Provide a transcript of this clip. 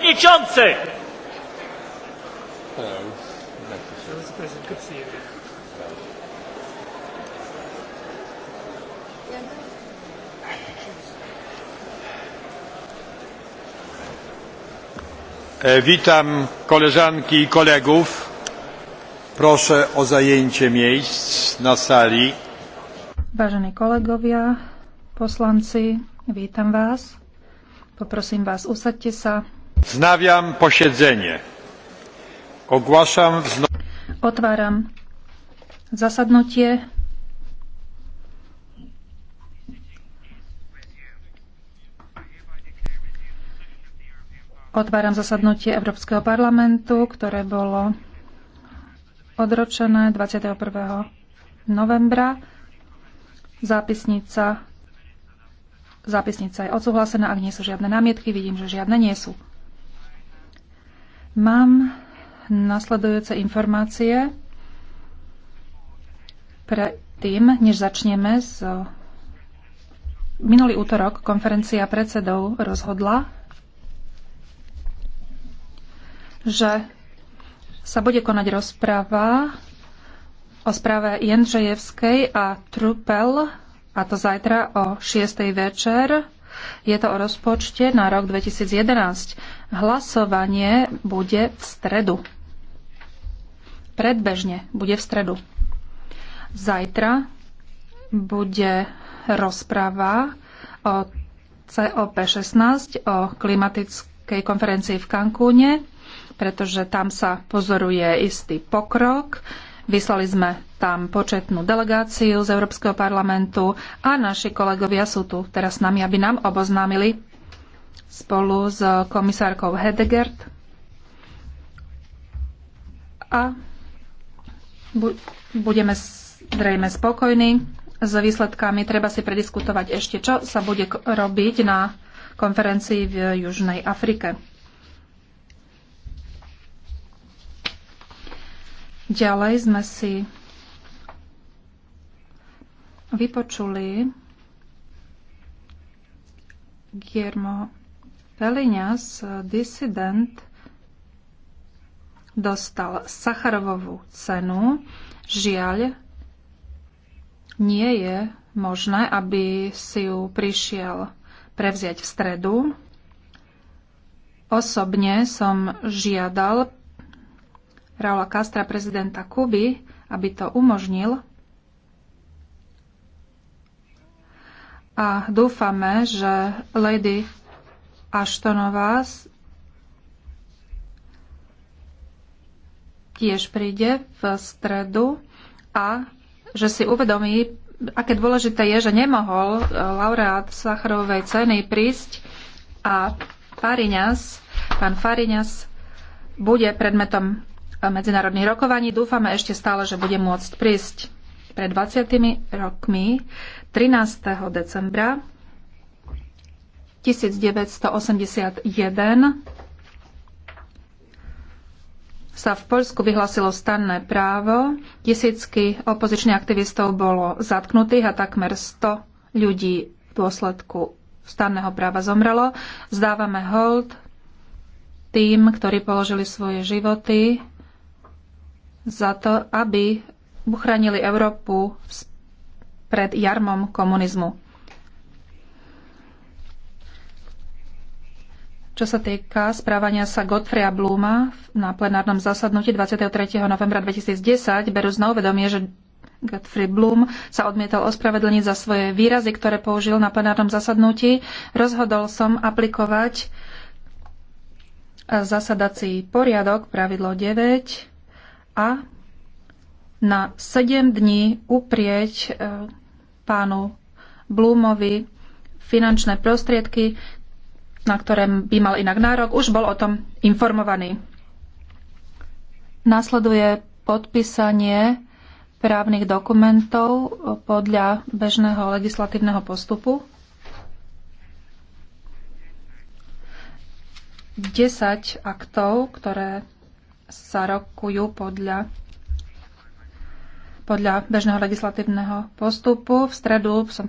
przewodniczący! E, witam koleżanki i kolegów. Proszę o zajęcie miejsc na sali. Vážení kolegovia, poslanci, vítam vás. Poprosím vás, usaďte sa. Znawiam posiedzenie. Ogłaszam wzno... Otváram zasadnutie. Otváram zasadnutie Európskeho parlamentu, ktoré bolo odročené 21. novembra. Zápisnica, zápisnica je odsúhlasená, ak nie sú žiadne námietky, vidím, že žiadne nie sú. Mám nasledujúce informácie pre tým, než začneme z Minulý útorok konferencia predsedov rozhodla, že sa bude konať rozprava o správe Jendřejevskej a Trupel, a to zajtra o 6. večer je to o rozpočte na rok 2011. Hlasovanie bude v stredu. Predbežne bude v stredu. Zajtra bude rozprava o COP16, o klimatickej konferencii v Cancúne, pretože tam sa pozoruje istý pokrok. Vyslali sme tam početnú delegáciu z Európskeho parlamentu a naši kolegovia sú tu teraz s nami, aby nám oboznámili spolu s komisárkou Hedegert a budeme zrejme spokojní s výsledkami. Treba si prediskutovať ešte, čo sa bude robiť na konferencii v Južnej Afrike. Ďalej sme si vypočuli Guillermo Peliňas, disident, dostal Sacharovovú cenu. Žiaľ, nie je možné, aby si ju prišiel prevziať v stredu. Osobne som žiadal Raula Castra, prezidenta Kuby, aby to umožnil. A dúfame, že Lady Ashtonová tiež príde v stredu a že si uvedomí, aké dôležité je, že nemohol eh, laureát Sacharovej ceny prísť a Fariňas, pán Fariňas bude predmetom medzinárodných rokovaní. Dúfame ešte stále, že bude môcť prísť pred 20 rokmi 13. decembra 1981 sa v Poľsku vyhlasilo stanné právo, tisícky opozičných aktivistov bolo zatknutých a takmer 100 ľudí v dôsledku stanného práva zomrelo. Zdávame hold tým, ktorí položili svoje životy za to, aby uchránili Európu pred jarmom komunizmu. Čo sa týka správania sa Gottfrieda Bluma na plenárnom zasadnutí 23. novembra 2010, berú znovu vedomie, že Godfrey Bloom sa odmietal ospravedlniť za svoje výrazy, ktoré použil na plenárnom zasadnutí. Rozhodol som aplikovať zasadací poriadok, pravidlo 9, a na 7 dní uprieť e, pánu Blumovi finančné prostriedky, na ktoré by mal inak nárok, už bol o tom informovaný. Nasleduje podpísanie právnych dokumentov podľa bežného legislatívneho postupu. 10 aktov, ktoré sa rokujú podľa podľa bežného legislatívneho postupu. V stredu som